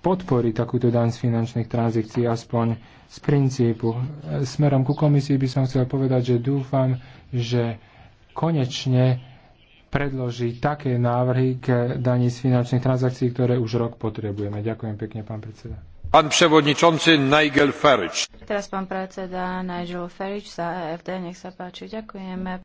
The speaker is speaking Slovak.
podporiť takúto daň z finančných transakcií aspoň z princípu. E, smerom ku komisii by som chcel povedať, že dúfam, že konečne predloží také návrhy k daní z finančných transakcií, ktoré už rok potrebujeme. Ďakujem pekne, pán predseda. Pán prevodničomci Nigel Farage. Teraz pán predseda Nigel Farage za EFD, nech sa páči. Ďakujeme.